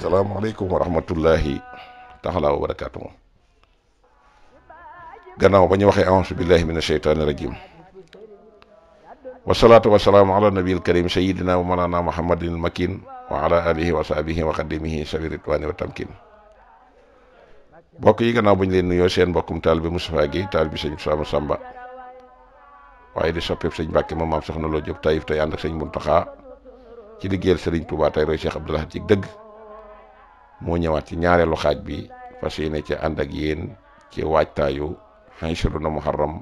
salaamaaleykum wa rahmatullahi taxalaa wa barakaatu moom gannaaw ba ñu waxee a billahi min asheytaani rajim wasalaatu wasalaamu ala nabi alkarim sayidina wa malana muhammadin almakin wa ala alihi wa sahbihi wa xadimihi sawi ritwaani wa tamkin mbokk yi gannaaw bu ñu leen nuyoo seen mbokkum taal bi Moustapha gi taal sañ sëñ Sama Samba waaye di soppeeb sëñ Mbàkke ma maam soxna loo Jóob Taïf tey ànd ak sëñ Muntaxa ci liggéeyal sëriñ Tuubaa tey roy Cheikh Abdoul dëgg moo ñëwaat ci ñaareelu xaaj bi fas yéene ci ànd ak yéen ci waajtaayu ashruna muharram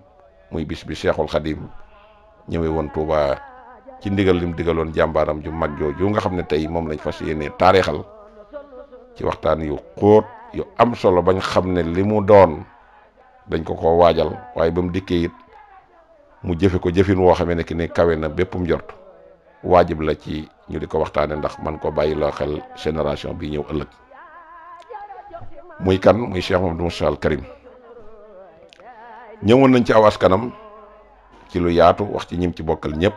muy bis bi Cheikhul Khadim ñëwee woon Touba ci ndigal lim digaloon jàmbaaram ju mag jooju nga xam ne tey moom lañ fas yéene taarixal ci waxtaan yu xóot yu am solo bañ xam ne li mu doon dañ ko ko waajal waaye ba mu dikkee it mu jëfe ko jëfin woo xamee ne ki ne kawe na bépp njort waajib la ci ñu di ko waxtaane ndax man ko bàyyi loo xel génération bi ñëw ëllëg muy kan muy Cheikh Mamadou Moussa Al Karim ñëwoon nañ ci aw askanam ci lu yaatu wax ci ñim ci bokkal ñëpp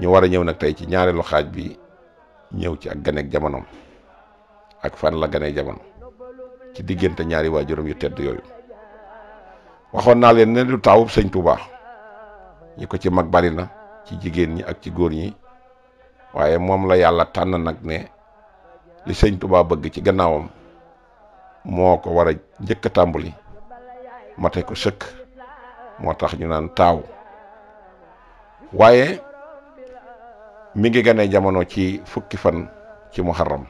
ñu war a ñëw nag tey ci ñaareelu loxaaj bi ñëw ci ak ganeeg jamonoom ak fan la ganee jamono ci diggante ñaari waajuram yu tedd yooyu waxoon naa leen ne du taawub sëñ Touba ñi ko ci mag bari na ci jigéen ñi ak ci góor ñi waaye moom la yàlla tànn nag ne li sëñ Touba bëgg ci gannaawam. moo ko war a njëkk a tàmbali mate ko sëkk moo tax ñu naan taaw waaye mi ngi gane jamono ci fukki fan ci muharram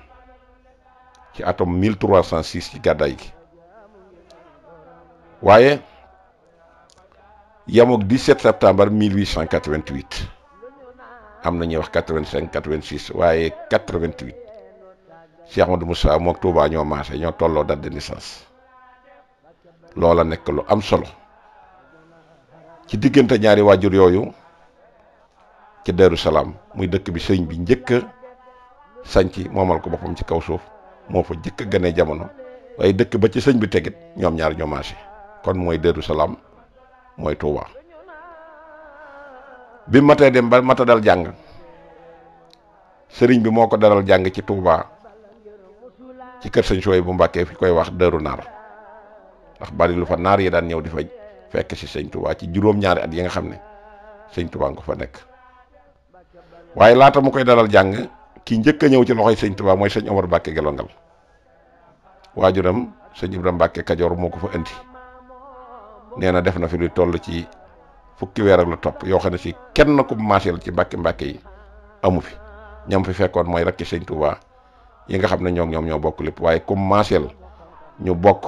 ci atum 1306 ci gàddaay gi waaye yamook 17 septembre 1888 am na ñuy wax waaye 88. Cheikh du Moussa mook Touba ñoo maase ñoo tolloo date de loola nekk lu am solo ci diggante ñaari waajur yooyu ci Daaru Salaam muy dëkk bi sëñ bi njëkk a sànci moomal ko boppam ci kaw suuf moo fa njëkk a jamono waaye dëkk ba ci sëñ bi tegit ñoom ñaar ñoo maase kon mooy Daaru Salaam mooy Touba bi matee dem ba mata dal jàng sëriñ bi moo ko daral jàng ci tuubaa ci kër sëñ bu Mbàkke fi koy wax dëru naar ndax bari lu fa naar yi daan ñëw di fa fekk si sëñ Tuubaa ci juróom-ñaari at yi nga xam ne sëñ Tuubaa nga fa nekk waaye laata mu koy dalal jàng ki njëkk ñëw ci loxoy sëñ Tuubaa mooy sëñ Omar Mbàkke Gelongal waajuram sëñ Ibrahima Mbàkke Kajoor moo ko fa indi nee na def na fi lu toll ci fukki weer ak lu topp yoo xam ne si kenn ku maaseel ci mbàkki mbàkki yi amu fi ñam fi fekkoon mooy rakki sëñ Tuubaa yi nga xam ne ñoom ñoom ñoo bokk lépp waaye comme maaseel ñu bokk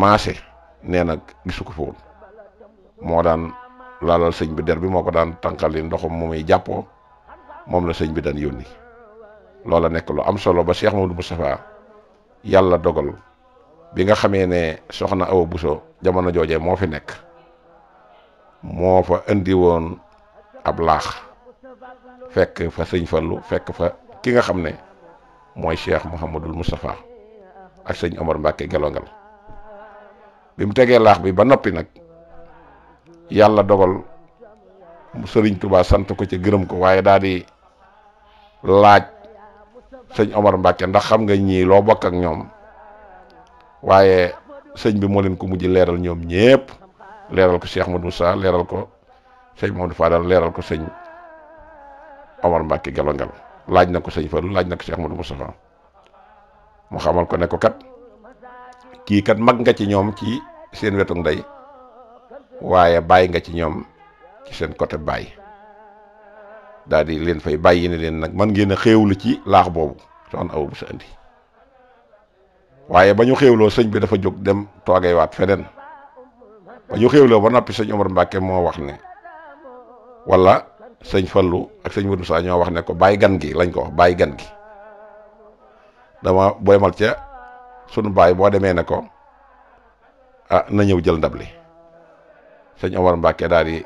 maase nee na gisu ko fa woon moo daan laalal sëñ bi der bi moo ko daan tànqali ndoxam mu muy jàppoo moom la sëñ bi daan yónni loola nekk lu am solo ba Cheikh Mamadou Moustapha yàlla dogal bi nga xamee ne soxna Awa buso jamono joojee moo fi nekk moo fa indi woon ab laax fekk fa sëñ Fallu fekk fa ki nga xam ne mooy cheikh Mouhamadul Moustapha ak sëñ Omar Mbacke gelongal bi mu tegee laax bi ba noppi nag yàlla dogal sëriñ tubaa sant ko ci gërëm ko waaye daa di laaj sëñ Omar Mbacke ndax xam nga ñii loo bokk ak ñoom waaye sëñ bi moo leen ko mujj leeral ñoom ñépp leeral ko cheikh Modou Moussa leeral ko sëñ Mamadou Fadal leeral ko sëñ Omar Mbacke gelongal laaj na ko sëñ Fallou laaj na ko Cheikh Modou Moustapha mu xamal ko ne ko kat kii kat mag nga ci ñoom ci seen wetu ndey waaye bàyyi nga ci ñoom seen côté bàyyi daal leen fay bàyyi leen nag man ngeen a xéewlu ci laax boobu soxna aw bu sa indi waaye ba ñu xéewloo sëñ bi dafa jóg dem toogee waat feneen ba ñu xéewloo ba noppi sëñ Omar Mbacke moo wax ne walla sëñ Fallou ak sëñ Modou Moussa ñoo wax ne ko bàyyi gan gi lañ ko wax bàyyi gan gi dama booy mal ca sunu baay boo demee ne ko ah na ñëw jël ndab li sëñ Omar Mbacke daal di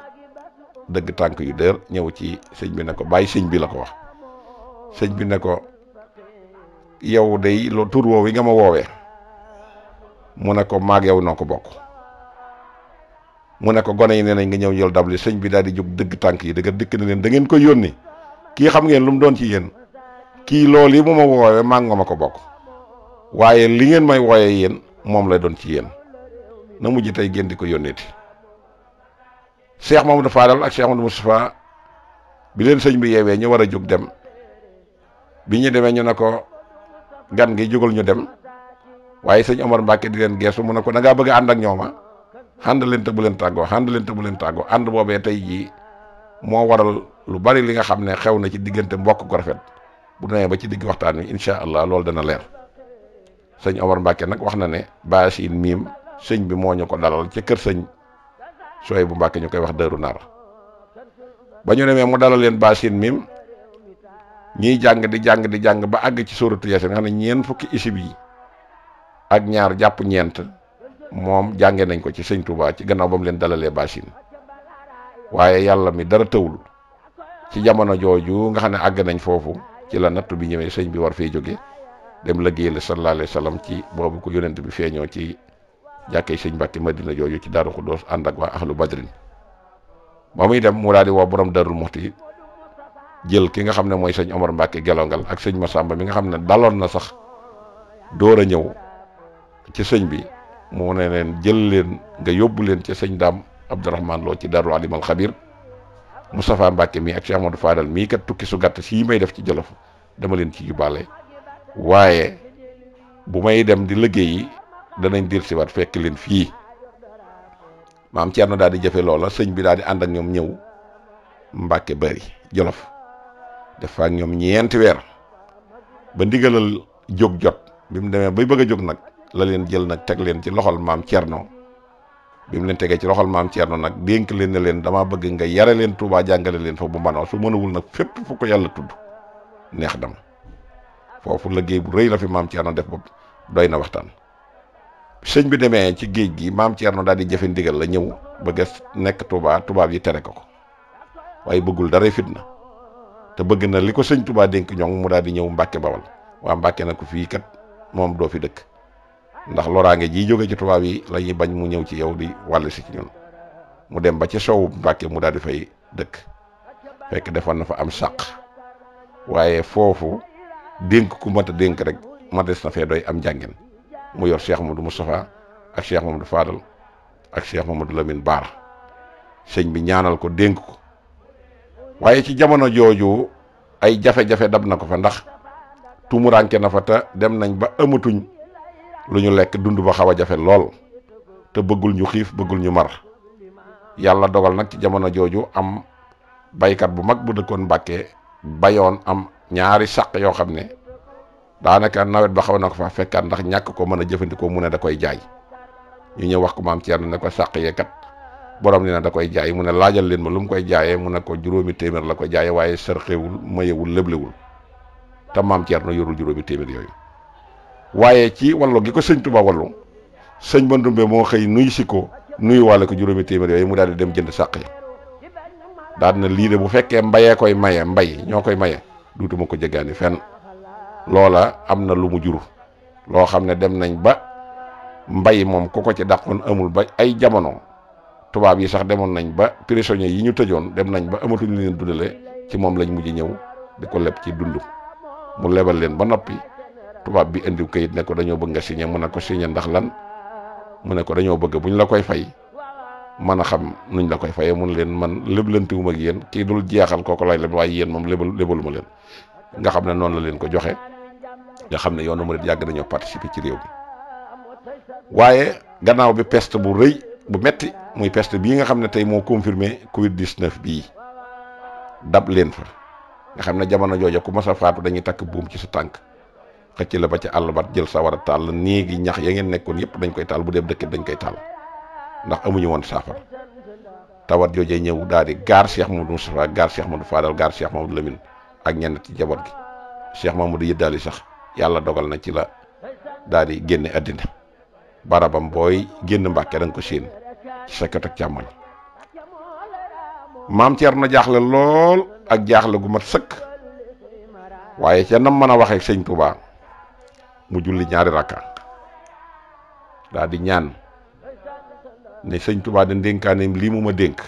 dëgg tànk yu dër ñëw ci sëñ bi ne ko bàyyi sëñ bi la ko wax sëñ bi ne ko yow day lo tur nga ma woowee mu ne ko maag yow noo ko bokk mu ne ko gone yi nee nañ nga ñëw jël dable sëñ bi daal di jóg dëgg tànk yi dëgg dikk ne leen dangeen ngeen ko yónni kii xam ngeen lu mu doon ci yéen kii lool yi mu ma woowee maa nga ma ko bokk waaye li ngeen may wooyee yéen moom lay doon ci yéen na mujj tey ngeen di ko yónneeti moom Mamadou Fadal ak Cheikh Mamadou Moustapha bi leen sëñ bi yeewee ñu war a jóg dem bi ñu demee ñu ne ko gan ngi jógal ñu dem waaye sëñ Omar Mbacke di leen geesu mu ne ko da ngaa bëgg ànd ak ñooma ànd leen bu leen tàggoo ànd leen te bu leen tàggoo ànd boobee tey jii moo waral lu bari li nga xam ne xew na ci diggante mbokk ko rafet bu demee ba ci digg waxtaan wi incha allah loolu dana leer sëñ Omar Mbacke nag wax na ne baasin miim sëñ bi moo ñu ko dalal ca kër sëñ sooy bu Mbacke ñu koy wax dëru naar ba ñu demee mu dalal leen baasin miim ñiy jàng di jàng di jàng ba àgg ci sóoratu Yaasin nga xam ne ñeent fukki isib yi ak ñaar jàpp ñeent. moom jànge nañ ko ci sëñ Touba ci gannaaw ba mu leen dalalee Bachine waaye yàlla mi dara tëwul ci jamono jooju nga xam ne àgg nañ foofu ci la nattu bi ñëwee sëñ bi war fee jóge dem liggéeyal sallallahu alayhi wa sallam ci boobu ko yonent bi feeñoo ci jàkkee sëñ Mbàkke Madina jooju ci Daaru Xuddoos ànd ak waa ahlu badrin ba muy dem mu daal di woo borom Darul Muxti jël ki nga xam ne mooy sëñ Omar Mbàkke gelongal ak sëñ ma Masamba mi nga xam ne daloon na sax door a ñëw ci sëñ bi moo ne leen jël leen nga yóbbu leen ca sëñ daam Abdourahman Lo ci Darou Alimal Xabir Moustapha Mbacke mii ak Cheikh Amadou Fadal mii kat tukki su gàtt si yi may def ci Jolof dama leen ci yóbbaale waaye bu may dem di liggéeyi danañ dir siwaat fekk leen fii maam Thierno daal di jafe loola sëñ bi daal di ànd ak ñoom ñëw Mbacke bari Jolof dafa ak ñoom ñeenti weer ba ndigalal jóg jot bi mu demee bay bëgg a jóg nag. la leen jël nag teg leen ci loxol maam Thierno bi mu leen tegee ci loxol maam Thierno nag dénk leen ne leen damaa bëgg nga yare leen Touba jàngale leen fa bu manoo su mënawul nag fépp fu ko yàlla tudd neex dama foofu la géey bu rëy la fi maam Thierno def bopp doy na waxtaan. sëñ bi demee ci géej gi maam Thierno daal di jëfe ndigal la ñëw ba a nekk Touba tubaab yi tere ko ko waaye bëggul daray fit na te bëgg na li ko sëñ Touba dénk ñoŋ mu daal di ñëw Mbacke Bawal waa Mbacke na ko fii kat moom doo fi dëkk. ndax loraange ji jóge ci tubaab yi la bañ mu ñëw ci yow di wàll si ci ñun mu dem ba ci soowu Mbàkke mu daal di fay dëkk fekk defoon na fa am sàq waaye foofu dénk ku mat a dénk rek mates na fee doy am jàngin mu yor ma du Moustapha ak Cheikh Mamadou Fadal ak Cheikh Mamadou Lamine Baar sëñ bi ñaanal ko dénk ko waaye ci jamono jooju ay jafe-jafe dab na ko fa ndax tumuranke na fa te dem nañ ba amatuñ lu ñu lekk dund ba xaw a jafe lool te bëggul ñu xiif bëggul ñu mar yàlla dogal nag ci jamono jooju am baykat bu mag bu dëkkoon Mbàkke bayoon am ñaari sàq yoo xam ne daanaka nawet ba xaw na ko fa fekkaat ndax ñàkk ko mën a jëfandikoo mu ne da koy jaay ñu ñëw wax ko maam Thierno na ko sàq yee kat borom nee na da koy jaay mu ne laajal leen ma lu mu koy jaayee mu ne ko juróomi téeméer la ko jaayee waaye sërxewul mayewul léblewul te maam Thierno yorul juróomi téeméer yooyu. waaye ci wallu gi ko sëñ Touba wallu sëñ Bandoumbe moo xëy nuyu si ko nuyu wàlle ko juróomi téeméer yooyu mu daal di dem jënd sàq ya daal na lii de bu fekkee mbayee koy maye mbay ñoo koy maye duutuma ko jéggaani fen loola am na lu mu jur loo xam ne dem nañ ba mbay moom ku ko ci daqoon amul ba ay jamono tubaab yi sax demoon nañ ba prisonniers yi ñu tëjoon dem nañ ba amatuñ leen dundale ci moom lañ mujj ñëw di ko leb ci dund mu lebal leen ba noppi tubaab bi indi kayit ne ko dañoo bëgg nga signé mu ne ko signé ndax lan mu ne ko dañoo bëgg ñu la koy fay mën a xam nuñ la koy fayee mun leen man lëblantiwuma ak yéen kii dul jeexal kooku lay leen waaye yéen moom lébal ma leen nga xam ne noonu la leen ko joxe nga xam ne yoonu murid yàgg nañoo participer ci réew mi waaye gannaaw bi peste bu rëy bu metti muy peste bii nga xam ne tey moo confirmé Covid 19 bii dab leen fa nga xam ne jamono joojo ku mas a dañuy takk buum ci sa tànk. xëcc la ba ca àll ba jël sawara taal la néegi ñax ya ngeen nekkoon yëpp dañ koy taal bu dee dëkk dañ koy taal ndax amuñu woon saafara tawat joojee ñëw daal di gaar Cheikh Mamadou Moustapha du Cheikh Mamadou Fadal gaar Cheikh Mamadou Lamine ak ñenn ci jaboot gi Cheikh Mamadou Yëddaali sax yàlla dogal na ci la daal di génne àddina barabam booy génn Mbàkke da ko séen ci sa kët ak càmmoñ maam Thierno jaaxle lool ak jaaxle gu mat sëkk waaye ca nam mën a waxee sëñ Touba mu julli ñaari rakka daal di ñaan ne sëñ Tuubaa de dénkaaneem lii mu ma dénk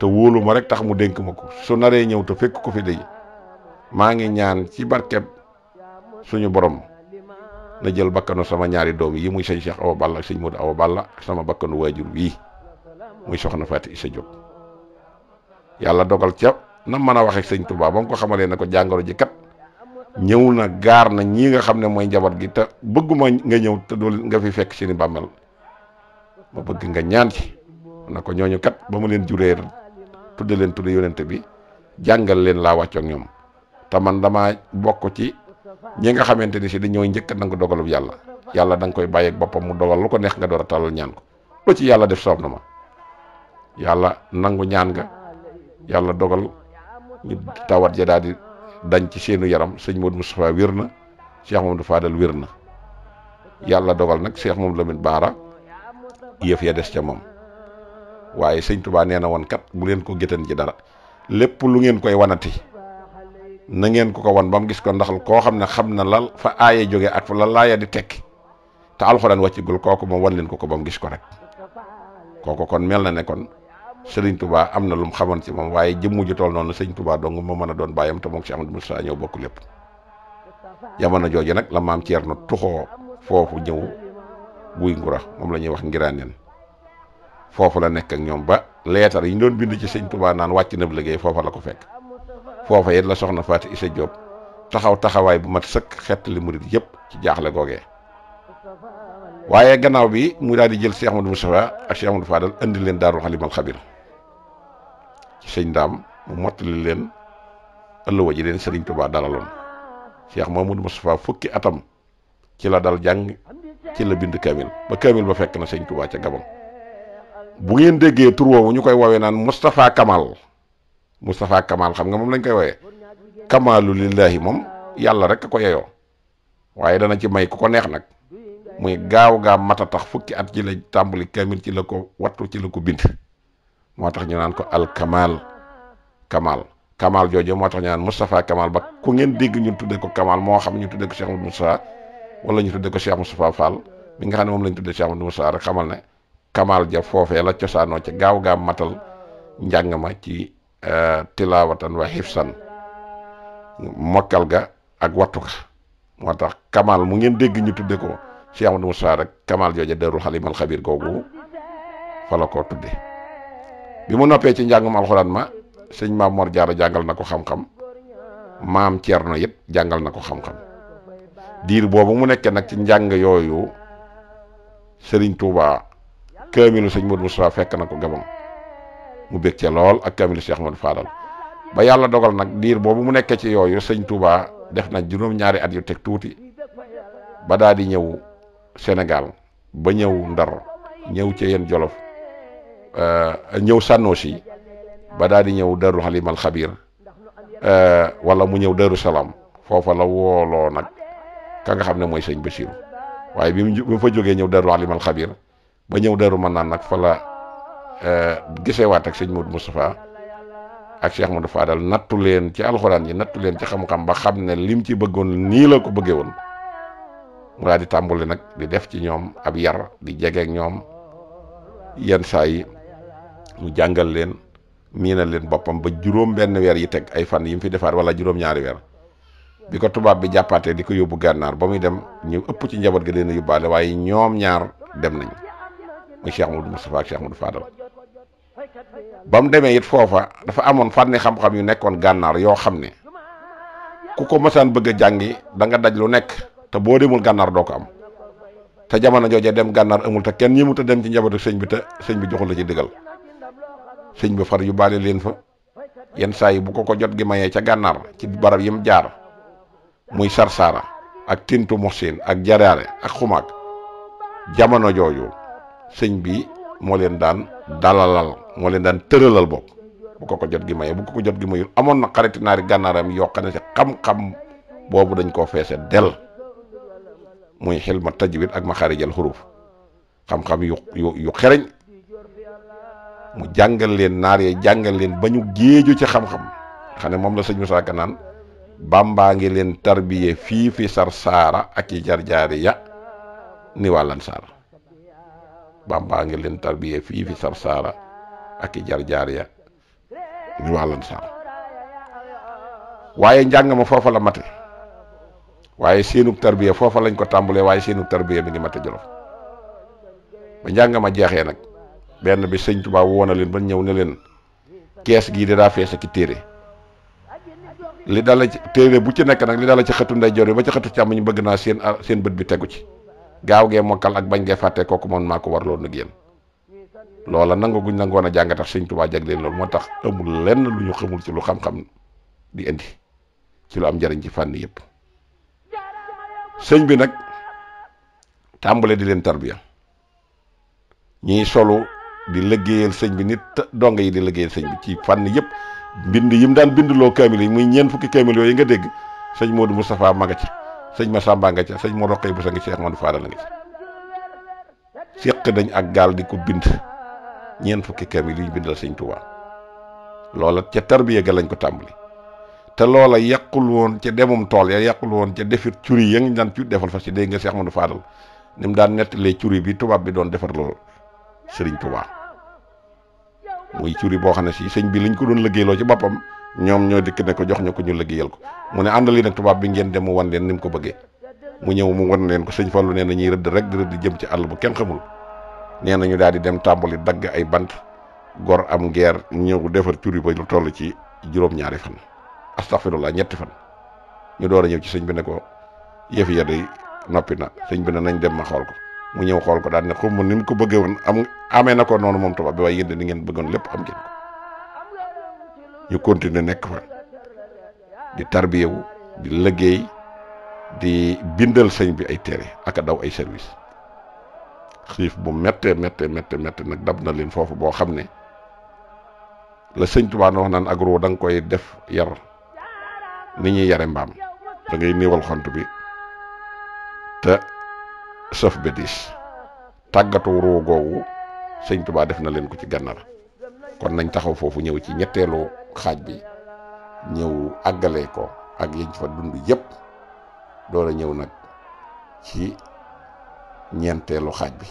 te wóolu ma rek tax mu dénk ma ko su naree ñëw te fekk ko fi de maa ngi ñaan ci barkeb suñu borom na jël bakkanu sama ñaari doom yi muy sëñ Cheikh Awa Balla ak sëñ Modou Awa Balla sama bakkanu waajur wii muy soxna Faati Isa Jóob yàlla dogal ca na man a waxee sëñ Tuubaa ba ko xamalee ne ko jàngoro ji kat. ñëw na gaar na ñii nga xam ne mooy njaboot gi te bëgguma nga ñëw te dool nga fi fekk seeni bàmmeel ma bëgg nga ñaan ci na ko ñooñu kat ba mu leen juree tudde leen tudde yonente bi jàngal leen laa wàccoog ñoom te man dama bokk ci ñi nga xamante ni si dañooy njëkk nangu dogalub yàlla yàlla danga koy bàyyeeg boppam mu dogal lu ko neex nga door a tàllal ñaan ko lu ci yàlla def soob na ma yàlla nangu ñaan nga yàlla dogal ñu tawat ja daal dañ ci seenu yaram sëñ Modou Moustapha wér na Cheikh Mamadou Fadal wér na yàlla dogal nag Cheikh Mamadou Lamine Baara yëf ya des ca moom waaye sëñtu baa nee na woon kat bu leen koo gétan ci dara lépp lu ngeen koy wanati na ngeen ku ko won ba mu gis ko ndax koo xam ne xam na lal fa aaye jóge ak fa la laaya di tekki te alxuraan wàccigul kooku moom wan leen ko ko ba mu gis ko rek kooku kon mel na ne sëriñ tubaa am na lu mu xamoon ci moom waaye jëmm ju toll noonu Serigne Touba dong moo mën a doon bàyyam te moom si Amadou Moussa ñoo lépp jamono jooju nag la maam Thierno foofu ñëw buy ngura moom la ñuy wax ngiraaneen foofu la nekk ak ñoom ba leetar yi ñu doon ci Serigne Touba naan wàcc na liggéey foofa la ko fekk foofa it la soxna Fatou Issa Diop taxaw taxawaay bu mat sëkk xett li murit yëpp ci jaaxle googee gannaaw bi mu daal di jël Cheikh Amadou Moustapha ak Cheikh Amadou Fadal andi leen daarul xalimal xabir sëñ daam mu mottali leen ëllëwa ji leen sëriñ Tuubaa dalaloon Cheikh Mamadou Moustapha fukki atam ci la dal jàng ci la bind kamil ba kamil ba fekk na sëñ Tuubaa ca Gabon bu ngeen déggee tur woowu ñu koy woowee naan Moustapha Kamal Moustapha Kamal xam nga moom lañ koy woowee Kamalu lillahi moom yàlla rek a ko yeyoo waaye dana ci may ku ko neex nag muy gaaw gaa mat a tax fukki at ci la tàmbali kamil ci la ko wattu ci la ko bind moo tax ñu naan ko alkamal kamal kamaal jooju moo tax ñu naan Moustapha kamal ba ku ngeen dégg ñu tuddee ko kamal moo xam ñu tuddee ko Cheikh Moustapha wala ñu tuddee ko Cheikh Moustapha Fall mi nga xam ne moom lañ tuddee Cheikh Moustapha rek xamal ne kamal ja foofee la cosaanoo ca gaaw gaaw matal njàng ma ci euh, tilawatan wa hifsan mokkal ga ak wattu tax kamal mu ngeen dégg ñu tuddee ko Cheikh Moustapha rek kamal jooja darul xalimal xabir googu fa la ko tuddee bi mu noppee ci njàng njàngum alxuraan ma sëñ maam Mor Jaara jàngal na ko xam-xam maam Thierno it jàngal na ko xam-xam diir boobu mu nekkee nag ci njàng yooyu Serigne Touba kaamilu sëñ Modou Moustapha fekk na ko Gabon mu bég lool ak kaamilu Cheikh Modou Fadal ba yàlla dogal nag diir boobu mu nekkee ci yooyu sëñ Touba def na juróom-ñaari at yu teg tuuti ba daal di ñëw Sénégal ba ñëw Ndar ñëw ci yenn Jolof Euh, ñëw sànnoosi ba daal di ñëw darul xalimal xabir euh, walla mu ñëw daru salaam foofa la wooloo nag ka nga xam ne mooy sëñ Bachir waaye bi mu fa jógee ñëw darul xalimal xabir ba ñëw daru man naan nag fa la euh, waat ak sëñ Modou Moustapha ak Cheikh Modou Fadal nattu leen ci alxuraan yi nattu leen ci xam-xam ba xam ne lim ci bëggoon nii la ko bëggee woon mu daal di tàmbali nag di def ci ñoom ab yar di jegeek ñoom yenn saa yi mu jàngal leen miinal leen boppam ba juróom benn weer yi teg ay fan yi mu fi defaat wala juróom-ñaari weer bi ko tubaab bi jàppaatee di ko yóbbu gànnaar ba muy dem ñu ëpp ci njaboot gi leen yubbaale waaye ñoom ñaar dem nañ muy mu Modou Moustapha ak Cheikh Modou Fadal ba mu demee it foofa dafa amoon fànni xam-xam yu nekkoon gànnaar yoo xam ne ku ko masaan bëgg a jàngi danga daj lu nekk te boo demul gànnaar doo ko am te jamono jooja dem gànnaar amul te kenn ñi mu ta dem ci njabootu sëñ bi te sëñ bi joxul la ci digal sëñ ba far yu baale leen fa yenn saa yi bu ko ko jot gi mayee ca gànnaar ci barab yi mu jaar muy sarsaara ak tintu moxsin ak jaraare ak xumaag jamono jooju sëñ bi moo leen daan dalalal moo leen daan tëralal bopp bu ko ko jot gi mayee bu ko ko jot gi mayul amoon na xariti naari gànnaaram yoo xam ne si xam-xam boobu dañ koo feese del muy xel ma tajwid ak ma xarijal xuruf xam-xam yu xereñ mu jàngal leen naar yi jàngal leen ba ñu géeju ci xam-xam xam moom la sëñ Moussa Ka baam baa ngi leen tarbiye fii fi sar saara ak i jarjaari ya ni wàllan saara bàmbaa ngi leen tarbiye fii fi saara ak i jarjaari ya ni wàllan saara waaye njàng ma foofa la mate waaye seenug tarbiya foofa lañ ko tàmbalee waaye seenug tarbiya mi ngi mate jolof ba njàng ma jeexee nag benn bi sëñ Tuubaa woo na leen ba ñëw ne leen kees gii dinaa fees ak téere li dala ci téere bu ci nekk nag li dala ci xëtu ndeyjoor bi ba ci xëtu càmm ñu bëgg naa seen ah, seen bët bi tegu ci gaaw gee mokkal ak bañ gee fàtte kooku man maa ko war loolu nag yéen loola nangu guñ nangoon a jàng tax sëñ Tuubaa jagleel loolu moo tax amul lenn lu ñu xamul ci lu xam-xam di indi ci lu am njëriñ ci fànn yëpp sëñ bi nag tàmbale di leen tarbiya ñiy solu di liggéeyal sëñ bi nit dong yi di liggéeyal sëñ bi ci fànn yëpp mbind yi mu daan bindloo kaamil yi muy ñeen fukki kaamil yooyu nga dégg sëñ Modou Moustapha ma nga ca sëñ Massamba nga ca sëñ Modou Rokhaya Bousso nga ci Cheikh Modou Fadal nga ci seq dañ ak gaal di ko bind ñeent fukki kaamil yi ñu bindal sëñ Touba loola ca tarbiya ga lañ ko tàmbali te loola yàqul woon ca demum tool ya yàqul woon ca defir curi ya nga daan ci defal fa si dégg nga Cheikh Modou Fadal ni mu daan nettalee curi bi tubaab bi doon defar loolu sëriñ Tuubaa muy curi boo xam ne si sëñ bi lañ ko doon liggéeyloo ci boppam ñoom ñoo dikk ne ko jox ñu ko ñu liggéeyal ko mu ne àndali nag tubaab bi ngeen dem mu wan leen ni mu ko bëggee mu ñëw mu wan leen ko sëñ Fallu nee na ñuy rëdd rek di rëdd jëm ci àll bu kenn xamul nee na ñu daal di dem tàmbali dagg ay bant gor am ngeer ñëw defar curi ba lu toll ci juróom-ñaari fan astaghfirullah ñetti fan ñu door a ñëw ci sëñ bi ne ko yëf ya day noppi na sëñ bi ne nañ dem ma xool ko mu ñëw xool ko daal ne xum ni mu ko bëggee woon am amee na ko noonu moom tubaab bi waaye yéen ni ngeen bëggoon lépp am ngeen ñu continuer nekk fa di tarbiyewu di liggéey di bindal sëñ bi ay téere ak a daw ay service xiif bu méttee méttee méttee méttee nag dab na leen foofu boo xam ne la sëñ Tuubaa na wax naan ak ruu da nga koy def yar ni ñuy yare mbaam da ngay néewal xont bi te sëf ba diis tàggatu ruu googu sëñ Tuubaa def na leen ko ci gànnaar kon nañ taxaw foofu ñëw ci ñetteelu xaaj bi ñëw àggale ko ak yéen fa dund yépp door ñëw nag ci ñeenteelu xaaj bi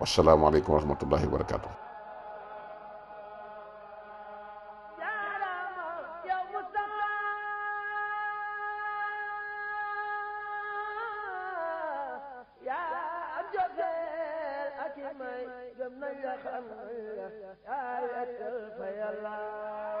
wasalaamaaleykum wa rahmatullahi wa barakaatu. na ya xam ya yàlla